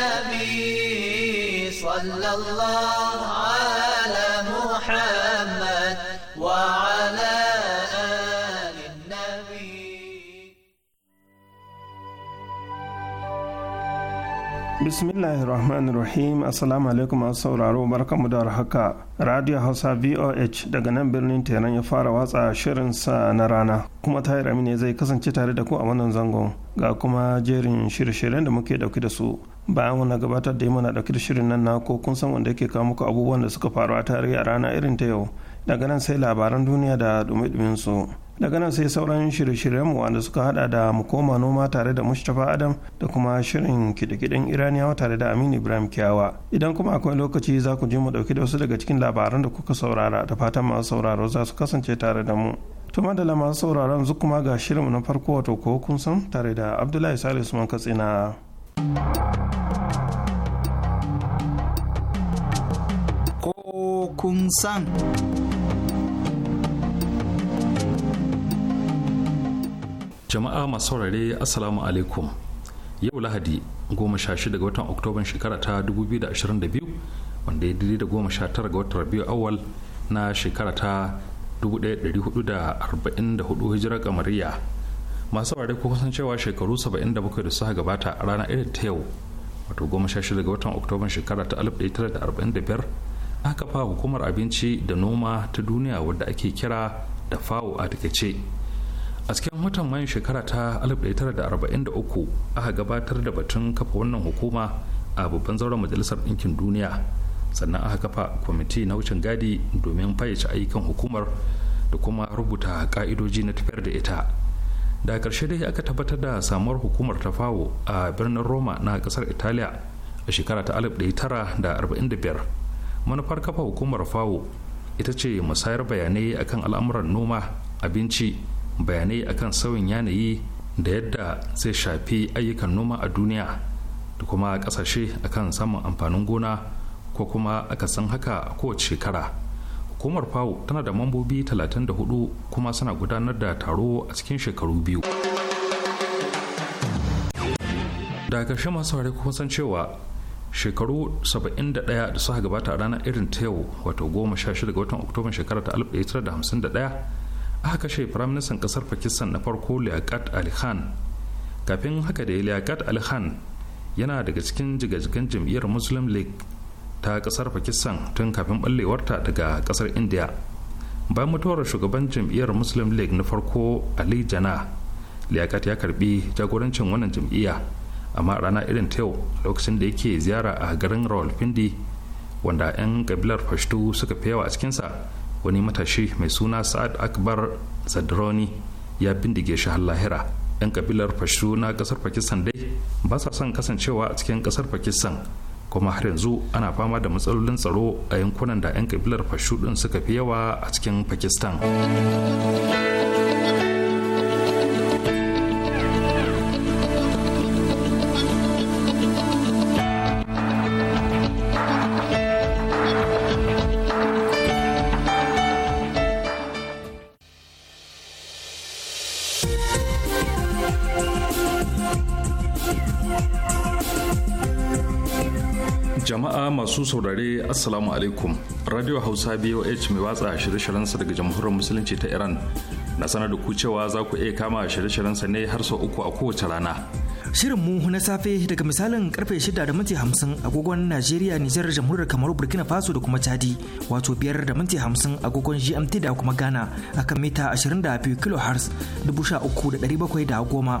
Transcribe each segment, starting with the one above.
النبي صلى الله على محمد وعلى آل النبي بسم الله الرحمن الرحيم السلام عليكم da haka radio hausa voh daga nan birnin teran ya fara watsa shirinsa na rana kuma tahir amine zai kasance tare da ku a wannan zangon ga kuma jerin shirye-shiryen da muke dauke da su bayan na gabatar da muna ɗauki da shirin nan na ko kun san wanda yake kawo muku abubuwan da suka faru a tarihi a rana irin ta yau daga nan sai labaran duniya da dumi su daga nan sai sauran shirye-shiryen mu wanda suka hada da mu koma noma tare da mustapha adam da kuma shirin kidikidin iraniyawa tare da aminu ibrahim kiyawa idan kuma akwai lokaci za ku ji mu dauki da wasu daga cikin labaran da kuka saurara da fatan masu sauraro za su kasance tare da mu to madala masu sauraron zu kuma ga shirin na farko wato ko kun san tare da abdullahi salisu man katsina ko kun san. Jama'a masu saurare Assalamu alaikum. Yau Lahadi goma sha shida ga watan Oktoban shekara ta 2022 wanda ya daidai da goma sha tara ga watan Rabiu awal na shekara ta 1444 hijira kamariya. Masu saurare ko kusan cewa shekaru 77 da suka gabata a ranar irin ta yau wato goma sha shida ga watan Oktoban shekara ta 1945 aka fa hukumar abinci da noma ta duniya wadda ake kira da fawo a takaice a cikin watan mayu shekara ta 1943 aka gabatar da batun kafa wannan hukuma a babban zauren majalisar ɗinkin duniya sannan aka kafa kwamiti na wucin gadi domin fayyace ayyukan hukumar da kuma rubuta ka'idoji na tafiyar da ita da ƙarshe dai aka tabbatar da samuwar hukumar ta fawo a birnin roma na ƙasar italiya a shekara ta 1945 manufar kafa hukumar fawo ita ce musayar bayanai akan al'amuran noma abinci bayanai akan sauyin yanayi da yadda zai shafi ayyukan noma a duniya da kuma kasashe akan samun amfanin gona ko kuma aka san haka a kowace shekara hukumar fawo tana da mambobi 34 kuma suna gudanar da taro a cikin shekaru biyu daga ƙarshe masu ware kuma san cewa shekaru 71 da suka gabata a ranar irin ta yau wato 16 ga watan oktoba shekarar ta 1951 aka kashe firaministan kasar pakistan na farko liaqat ali khan kafin haka da liaqat ali khan yana daga cikin jigajigan jam'iyyar muslim league ta kasar pakistan tun kafin ballewarta daga kasar india bayan mutuwar shugaban jam'iyyar muslim league na farko ali jana liaqat ya karbi jagorancin wannan jam'iyya amma rana irin ta yau lokacin da yake ziyara a garin rawalpindi wanda 'yan kabilar fashtu suka fi yawa a cikinsa wani matashi mai suna sa'ad akbar zadroni ya bindige shi lahira 'yan kabilar fashtu na kasar pakistan dai ba sa son kasancewa a cikin kasar pakistan kuma har yanzu ana fama da matsalolin tsaro a yankunan da 'yan kabilar fashtu din suka fi yawa a cikin pakistan jama'a masu saurare assalamu alaikum radio hausa boh mai watsa shirye-shiryensa daga jamhuriyar musulunci ta iran na sanar da ku cewa za ku iya kama shirye-shiryensa ne har sau uku a kowace rana shirin mu na safe daga misalin karfe shida da minti hamsin agogon najeriya nijar jamhuriyar kamaru burkina faso da kuma chadi wato biyar da minti hamsin agogon gmt da kuma ghana akan mita 22 kilohertz goma.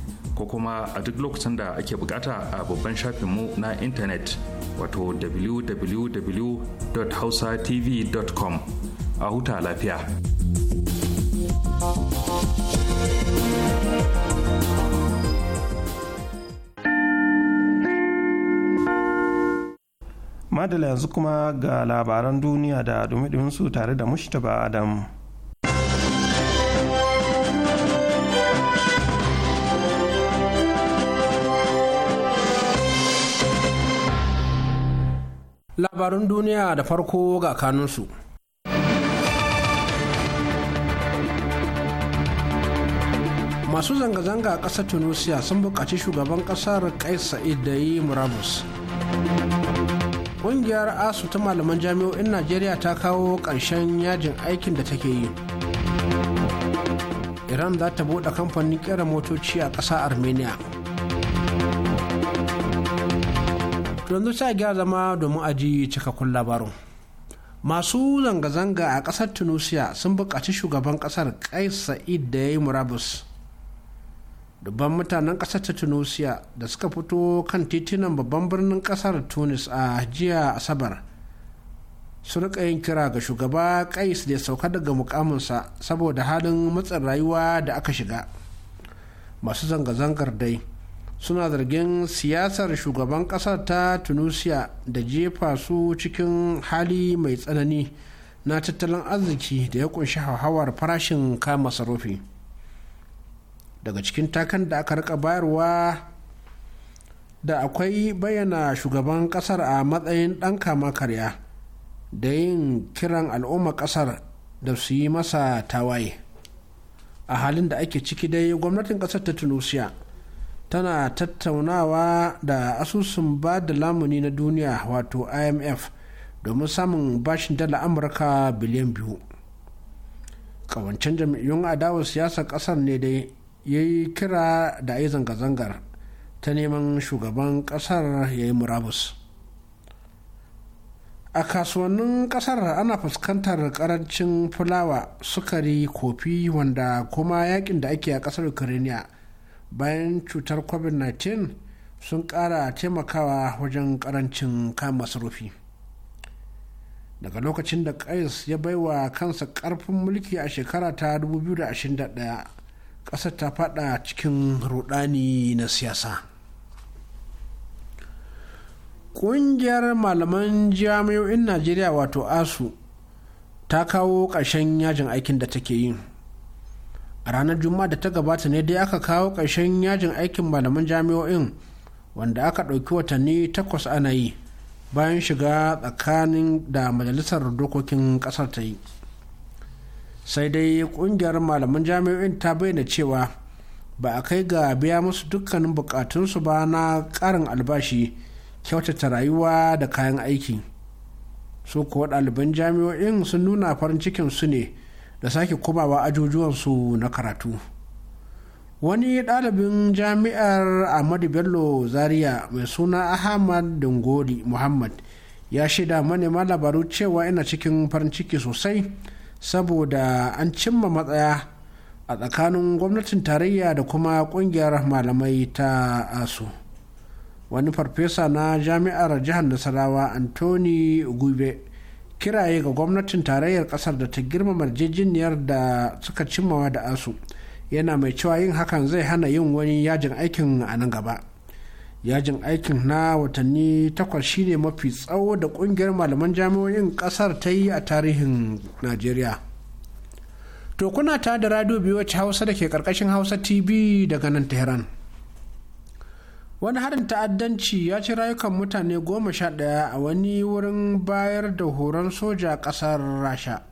ko kuma a duk lokacin da ake bukata a babban shafinmu na intanet wato www.hausatv.com a huta lafiya. Madala yanzu kuma ga labaran duniya da dumi su tare da mushtaba Adam. labarun duniya da farko ga kanunsu. masu zanga-zanga a ƙasar tunisia sun buƙaci shugaban ƙasar kais sa'id da yi murabus ƙungiyar asu ta malaman jami'o'in najeriya ta kawo ƙarshen yajin aikin da take yi iran za ta buɗe kamfanin ƙera motoci a ƙasa armenia yanzu sai gyara zama domin aji cikakkun labarin masu zanga-zanga a ƙasar tunisia sun buƙaci shugaban ƙasar kais sa'id da ya yi murabus dubban mutanen ƙasar ta tunisia da suka fito kan titunan babban birnin ƙasar tunis a jiya asabar sun rika yin kira ga shugaba kais da ya sauka daga mukaminsa saboda halin matsin rayuwa da aka shiga masu zanga-zangar dai suna zargin siyasar shugaban ƙasar ta tunisia da jefa su cikin hali mai tsanani na tattalin arziki da ya kunshi hauhawar farashin kama masarufi daga cikin takan da aka rika bayarwa da akwai bayyana shugaban kasar a matsayin dan kama karya da yin kiran al'umma kasar da su yi masa tawaye a halin da ake ciki dai gwamnatin kasar ta tunisia tana tattaunawa da asusun ba da lamuni na duniya wato imf domin samun bashin dala amurka biliyan biyu Ƙawancen jam'iyyun adawar siyasar kasar ne dai ya yi kira da yi zanga-zangar ta neman shugaban kasar ya yi murabus a kasuwannin kasar ana fuskantar karancin fulawa sukari kofi wanda kuma yakin da ake a kasar ukraine bayan cutar covid-19 sun kara taimakawa wajen ƙarancin kama masarufi daga lokacin da kais ya baiwa kansa karfin mulki a shekara ta 2021 ƙasar ta fada cikin rudani na siyasa ƙungiyar malaman jami'o'in najeriya wato asu ta kawo ƙarshen yajin aikin da take yi a ranar juma'a da ta gabata ne dai aka kawo ƙarshen yajin aikin malaman jami'o'in wanda aka ɗauki watanni takwas ana yi bayan shiga tsakanin da majalisar dokokin ƙasar ta yi sai dai ƙungiyar malaman jami'o'in ta bayyana cewa ba a kai ga biya musu dukkanin buƙatunsu ba na ƙarin albashi kyautata rayuwa da kayan aiki su kuwa ɗaliban jami'o'in sun nuna farin cikin su ne da sake komawa su na karatu wani ɗalibin jami'ar ahmadu bello zaria mai suna ahmad dungori muhammad ya shaida manema labaru cewa ina cikin farin ciki sosai saboda an cimma matsaya a tsakanin gwamnatin tarayya da kuma kungiyar malamai ta asu wani farfesa na jami'ar jihar nasarawa anthony gube kiraye ga gwamnatin tarayyar kasar da ta girmama marjejiniyar da suka cimmawa da asu yana mai cewa yin hakan zai hana yin wani yajin aikin a nan gaba yajin aikin na watanni takwas shine mafi tsawo da kungiyar malaman jami'o'in kasar ta yi a tarihin najeriya to kuna ta da radio biyu wacce hausa da ke karkashin hausa tv daga nan tehran wani harin ta'addanci ya ci rayukan mutane goma sha ɗaya a wani wurin bayar da horon soja ƙasar rasha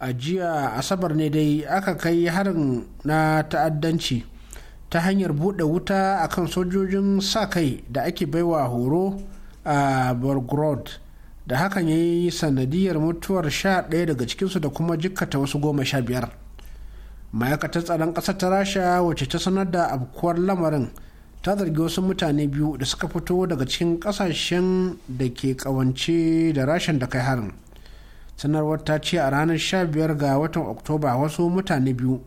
a jiya asabar ne dai aka kai harin na ta'addanci ta hanyar buɗe wuta a kan sojojin sa-kai da ake baiwa horo a belgrade da hakan ya yi sanadiyar mutuwar sha ɗaya daga cikinsu da kuma jikkata wasu goma sha biyar ma'aikatar tsaron ƙasar ta rasha wacce ta sanar da abkuwar lamarin ta zargi wasu mutane biyu da suka fito daga cikin ƙasashen da ke ƙawance da rashin da kai harin sanarwar ta ce a ranar 15 ga watan oktoba wasu mutane biyu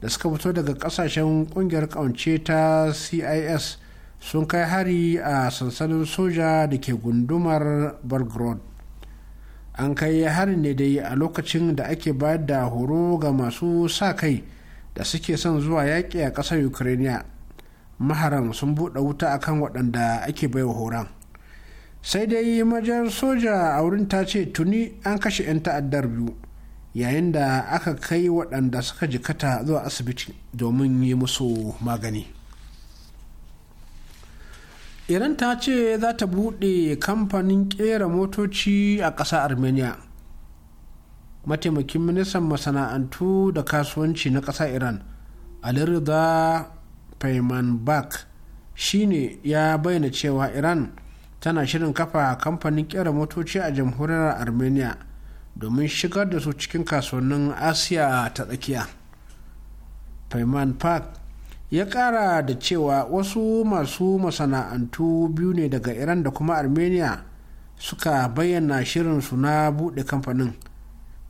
da suka fito daga ƙasashen ƙungiyar ƙawance ta cis sun kai hari a sansanin soja da ke gundumar belgrade an kai harin ne dai a lokacin da ake bayar da horo ga masu sa kai da suke son zuwa yaƙi a ƙasar ukraine maharan sun buɗe wuta akan waɗanda ake baiwa horon sai dai majiyar soja a wurin ta ce tuni an kashe 'yan ta'addar biyu yayin da aka kai waɗanda suka jikata zuwa asibiti domin yi musu magani iran ta ce za ta buɗe kamfanin ƙera motoci a ƙasa armenia mataimakin ministan masana'antu da kasuwanci na ƙasa iran alirza shi shine ya bayyana cewa iran tana shirin kafa kamfanin ƙera motoci a jamhuriyar armenia domin shigar da su cikin kasuwannin asiya ta tsakiya payman park ya kara da cewa wasu masu masana'antu biyu ne daga iran da kuma armenia suka bayyana shirinsu na buɗe kamfanin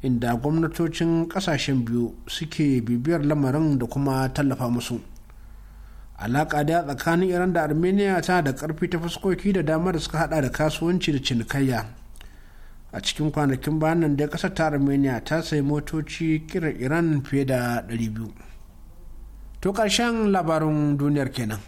inda gwamnatocin ƙasashen biyu suke bibiyar lamarin da kuma tallafa musu alaƙa da tsakanin iran da armenia ta da ƙarfi ta fuskoki da dama da suka hada da kasuwanci da cinikayya a cikin kwanakin nan da ƙasar ta armenia ta sayi motoci kiran iran fiye da 200 to ƙarshen labarin duniyar kenan.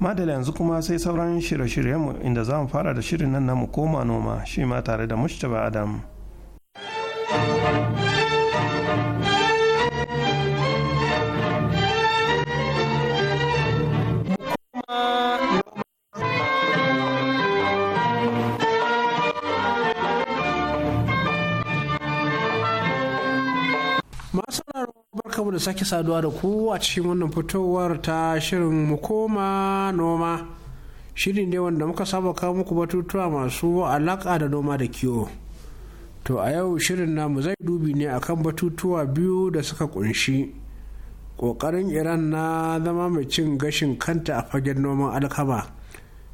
madala yanzu kuma sai sauran shirye-shiryenmu inda za mu fara da shirin nan na mu koma noma shi ma tare da mustapha adam mu da sake saduwa da ku a cikin wannan fitowar ta shirin mu koma noma shirin ne wanda muka saba kawo muku batutuwa masu alaka da noma da kiwo to a yau shirin na mu zai dubi ne akan batutuwa biyu da suka kunshi kokarin iran na zama mai cin gashin kanta a fagen noman alkama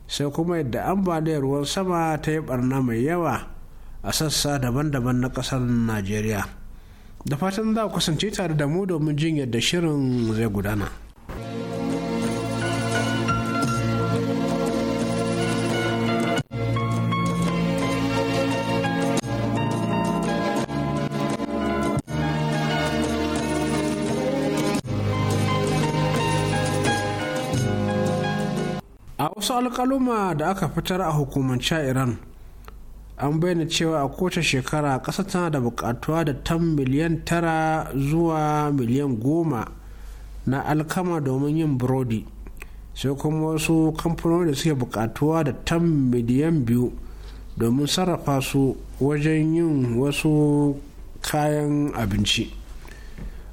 sai kuma yadda ambaliyar ruwan sama ta yi barna mai yawa a sassa daban-daban na ƙasar najeriya da fatan za ku kasance tare da mu domin jin yadda shirin zai gudana. A wasu alƙaluma da aka fitar a hukumance Iran an bayyana cewa a kowace shekara ƙasa tana da buƙatuwa da tan miliyan tara zuwa miliyan goma na alkama domin yin burodi sai kuma wasu kamfanoni da suke buƙatuwa da tan miliyan biyu domin sarrafa su wajen yin wasu kayan abinci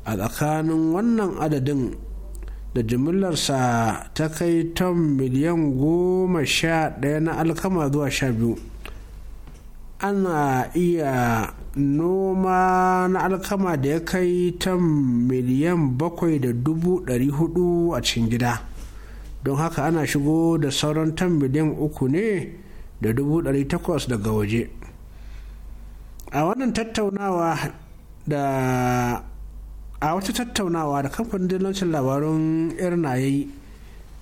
a tsakanin wannan adadin da jimillarsa ta kai tan miliyan goma sha ɗaya na alkama zuwa sha biyu ana iya noma na alkama da ya kai ta miliyan bakwai da dubu ɗari hudu a cikin gida don haka ana shigo da sauran ta miliyan uku ne da dubu ɗari takwas daga waje a wannan tattaunawa da a wata tattaunawa da kamfanin dillancin labarun irna ya yi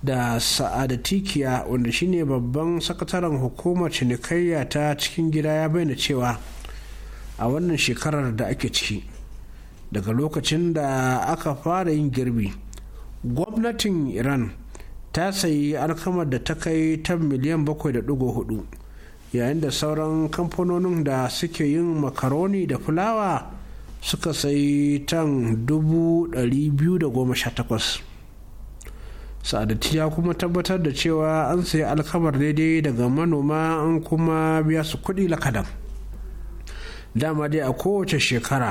da sa'adatikiya wanda shine babban sakataren hukumar cinikayya ta cikin gida ya bayyana cewa a wannan shekarar da ake ciki daga lokacin da aka fara yin girbi gwamnatin iran ta sayi alkamar da ta kai ta miliyan 7.4 yayin da sauran kamfanonin da suke yin makaroni da fulawa suka sayi tan 218 sa'adati ya kuma tabbatar da cewa an sayi alkamar daidai daga manoma an kuma biya su kuɗi lakadan dama dai a kowace shekara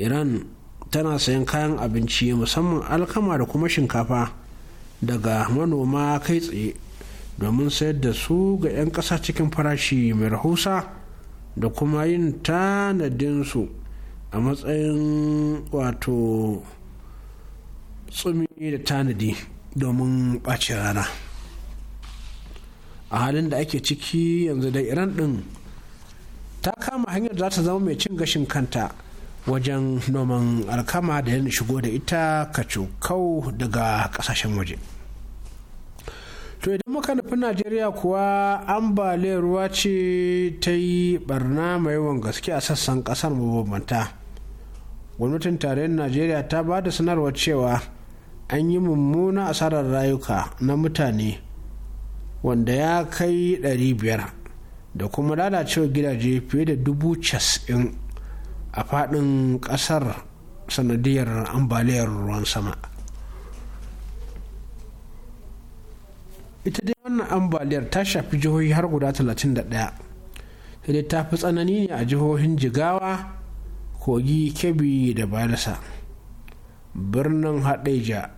iran tana sayan kayan abinci musamman alkama da kuma shinkafa daga manoma kai tsaye domin sayar da su ga 'yan ƙasa cikin farashi mai rahusa da kuma yin su a matsayin wato tsumi da tanadi domin ɓace rana a halin da ake ciki yanzu da iran ɗin ta kama hanyar za ta zama mai cin gashin kanta wajen noman alkama da yana shigo da ita kacokau daga ƙasashen waje to idan muka nufi najeriya kuwa ambaliyar ruwa ce ta yi barna mai yawan gaske a sassan ƙasar mabambanta gwamnatin tarayyar najeriya ta ba da sanarwar cewa an yi mummuna asarar rayuka na mutane wanda ya kai 500 da kuma lalacewa gidaje fiye da dubu cas'in a faɗin ƙasar sanadiyar ambaliyar ruwan sama ita dai wannan ambaliyar ta shafi jihohi har guda 31 sai ta fi tsanani ne a jihohin jigawa kogi kebbi da balasa birnin haɗeja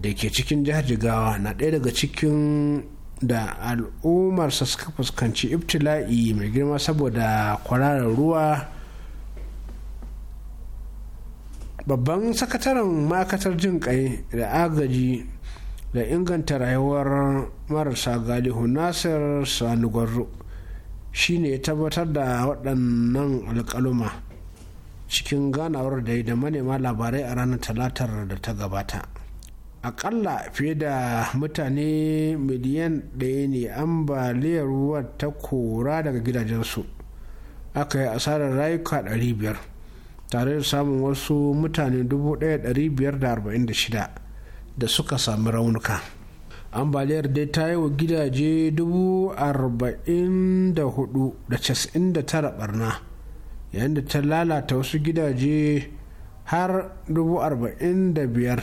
da ke cikin jihar jigawa na ɗaya daga cikin da al'ummarsa suka fuskanci ibtila'i mai girma saboda kwararar ruwa babban sakataren ma'aikatar jin kai da agaji da inganta rayuwar marasa galihu nasir sani gwarro shi ne tabbatar da waɗannan alƙaluma cikin ganawar da yi da manema labarai a ranar talatar da ta gabata akalla fiye da mutane miliyan ɗaya ne ambaliyar ruwa ta kora daga gidajensu aka yi asarar rayuka 500 tare da samun wasu mutane 1546 da suka sami raunuka ambaliyar dai ta yi wa gidaje 44,99 barna yayin da ta lalata wasu gidaje har 45.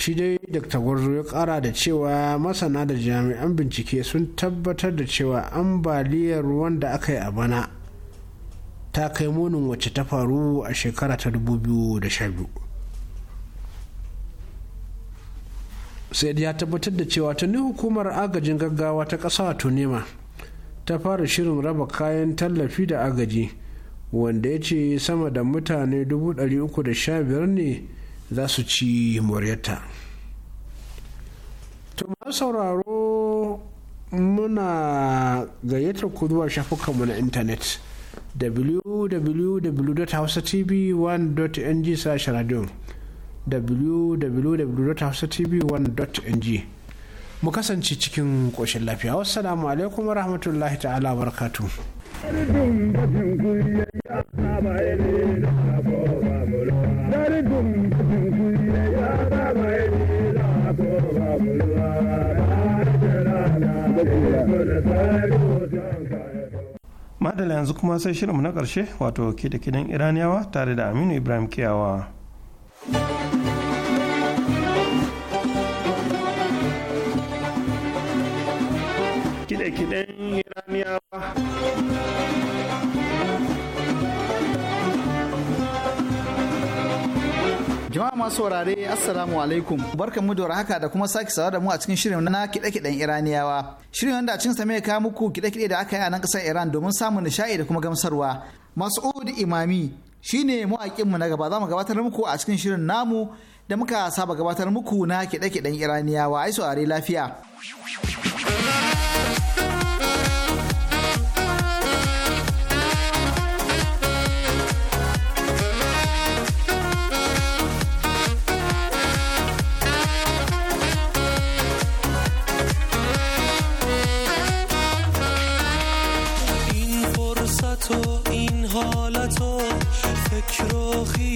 shi dai dakta gwarzo ya kara da cewa masana da jami'an bincike sun tabbatar da cewa ambaliyar ruwan da aka yi a bana ta kai munin wacce ta faru a shekara ta 2012 sai ya tabbatar da cewa tuni hukumar agajin gaggawa ta ƙasa nema ta fara shirin raba kayan tallafi da agaji wanda ya ce sama da mutane 315 ne za su ci moriyarta To masu sauraro muna gayyatar ku zuwa shafukanmu na intanet www.hausatv1.ng sashen radio www.hausatv1.ng mu kasance cikin ƙoshin lafiya wassalamu alaikum wa rahmatullahi ta'ala barkatu. madala yanzu kuma sai shirinmu na karshe wato ke da kidan iraniyawa tare da aminu ibrahim kiyawa kide-kiden iraniyawa masu saurare assalamu alaikum barka mu da haka da kuma sake sawa da mu a cikin shirin na kiɗe-kiɗen iraniyawa shirin wanda cin sa mai kawo muku kiɗe-kiɗe da aka yi a nan kasar iran domin samun nishaɗi da kuma gamsarwa mas'ud imami shine mawaƙin mu na gaba za mu gabatar muku a cikin shirin namu da muka saba gabatar muku na kiɗe-kiɗen iraniyawa ai saurare lafiya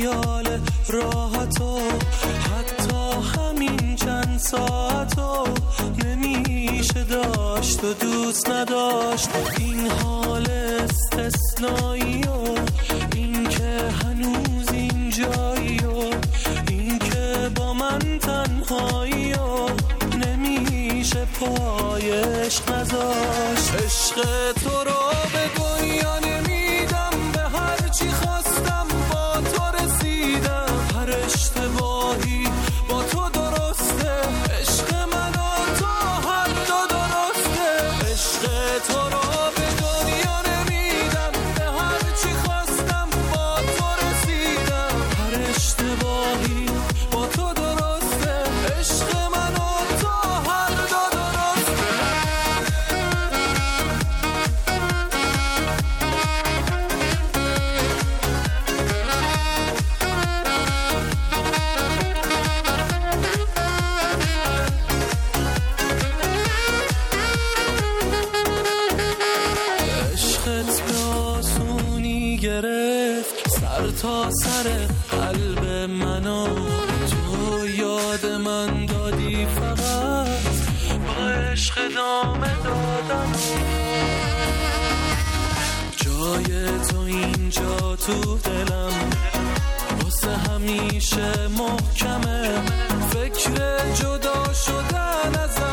خیال راحت و حتی همین چند ساعت و نمیشه داشت و دوست نداشت این حال استثنایی و این هنوز جایی و این با من تنهایی و نمیشه پایش نداشت عشق تو رو دستت آسونی گرفت سر تا سر قلب منو تو یاد من دادی فقط با عشق دامه دادم جای تو اینجا تو دلم واسه همیشه محکمه فکر جدا شدن از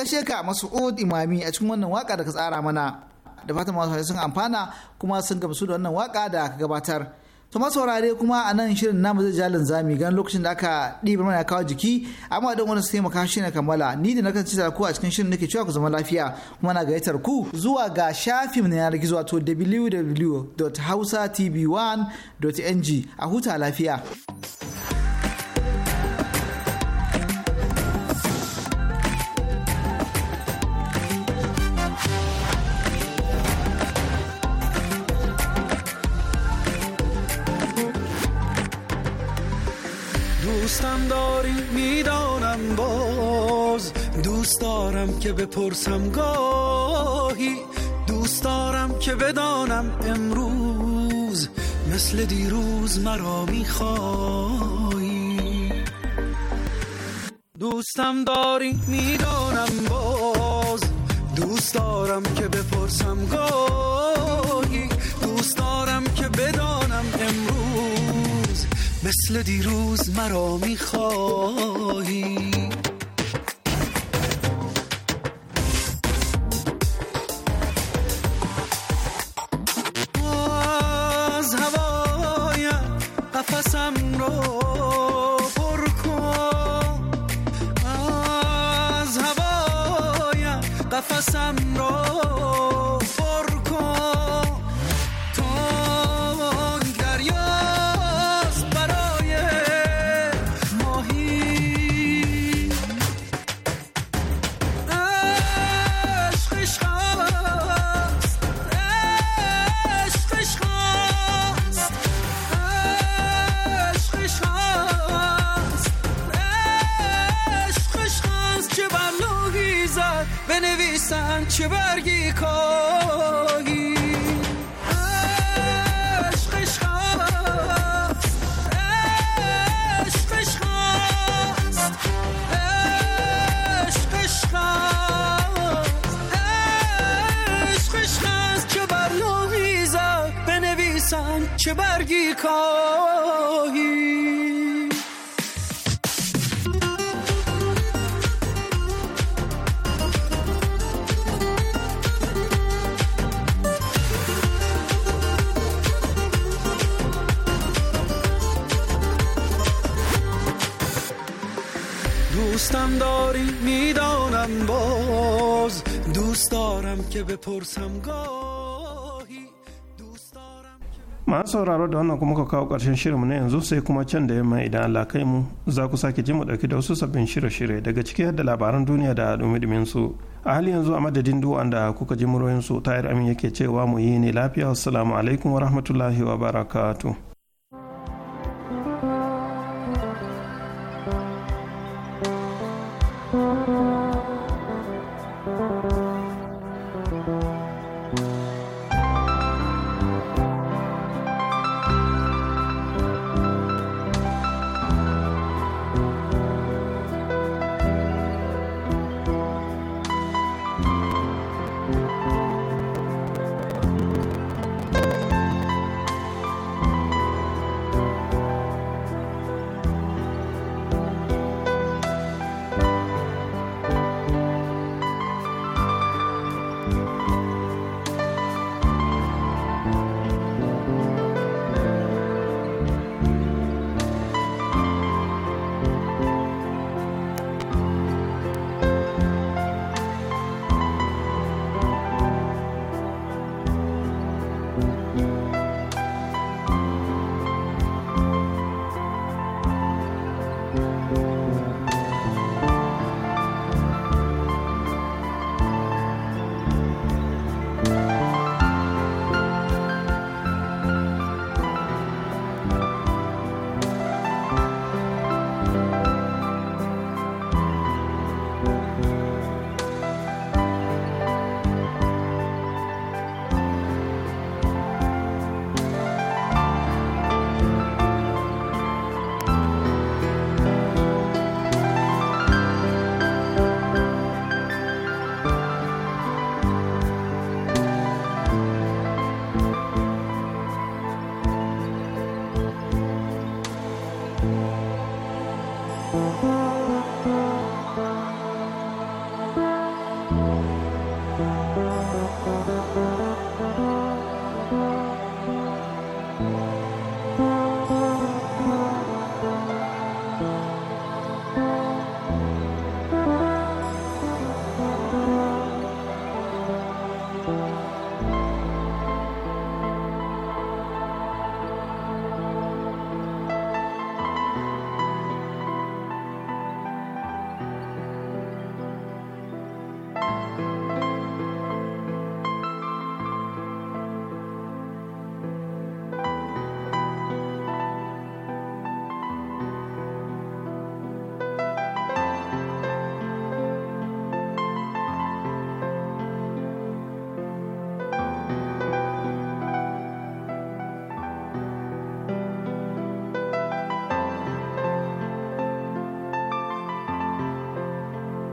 gaishe ka Mas'ud Imami a cikin wannan waka da ka tsara mana. Da fatan masu sun amfana kuma sun gamsu da wannan waka da ka gabatar. To masaurare kuma a nan shirin namu zai jalin zami gan lokacin da aka ɗibar mana kawo jiki amma don wani su taimaka shi na kammala ni da na nakan cita ku a cikin shirin nake cewa ku zama lafiya kuma na gayyatar ku zuwa ga shafin na yanar gizo wato www.hausatv1.ng a huta lafiya. که بپرسم گاهی دوست دارم که بدانم امروز مثل دیروز مرا میخوای دوستم داری میدانم باز دوست دارم که بپرسم گاهی دوست دارم که بدانم امروز مثل دیروز مرا میخواهی چه برگی کاهی دوستم داری میدانم باز دوست دارم که بپرسم گاه masu sauraro da wannan kuma ka kawo ƙarshen shirinmu na yanzu sai kuma can da yamma idan Allah kai mu za ku sake ji mu ɗauki da wasu sabbin shirye-shirye daga ciki da labaran duniya da dumi su a hali yanzu a madadin duwan da kuka ji muroyin su tayar amin yake cewa mu yi ne lafiya assalamu alaikum wa rahmatullahi wa barakatuh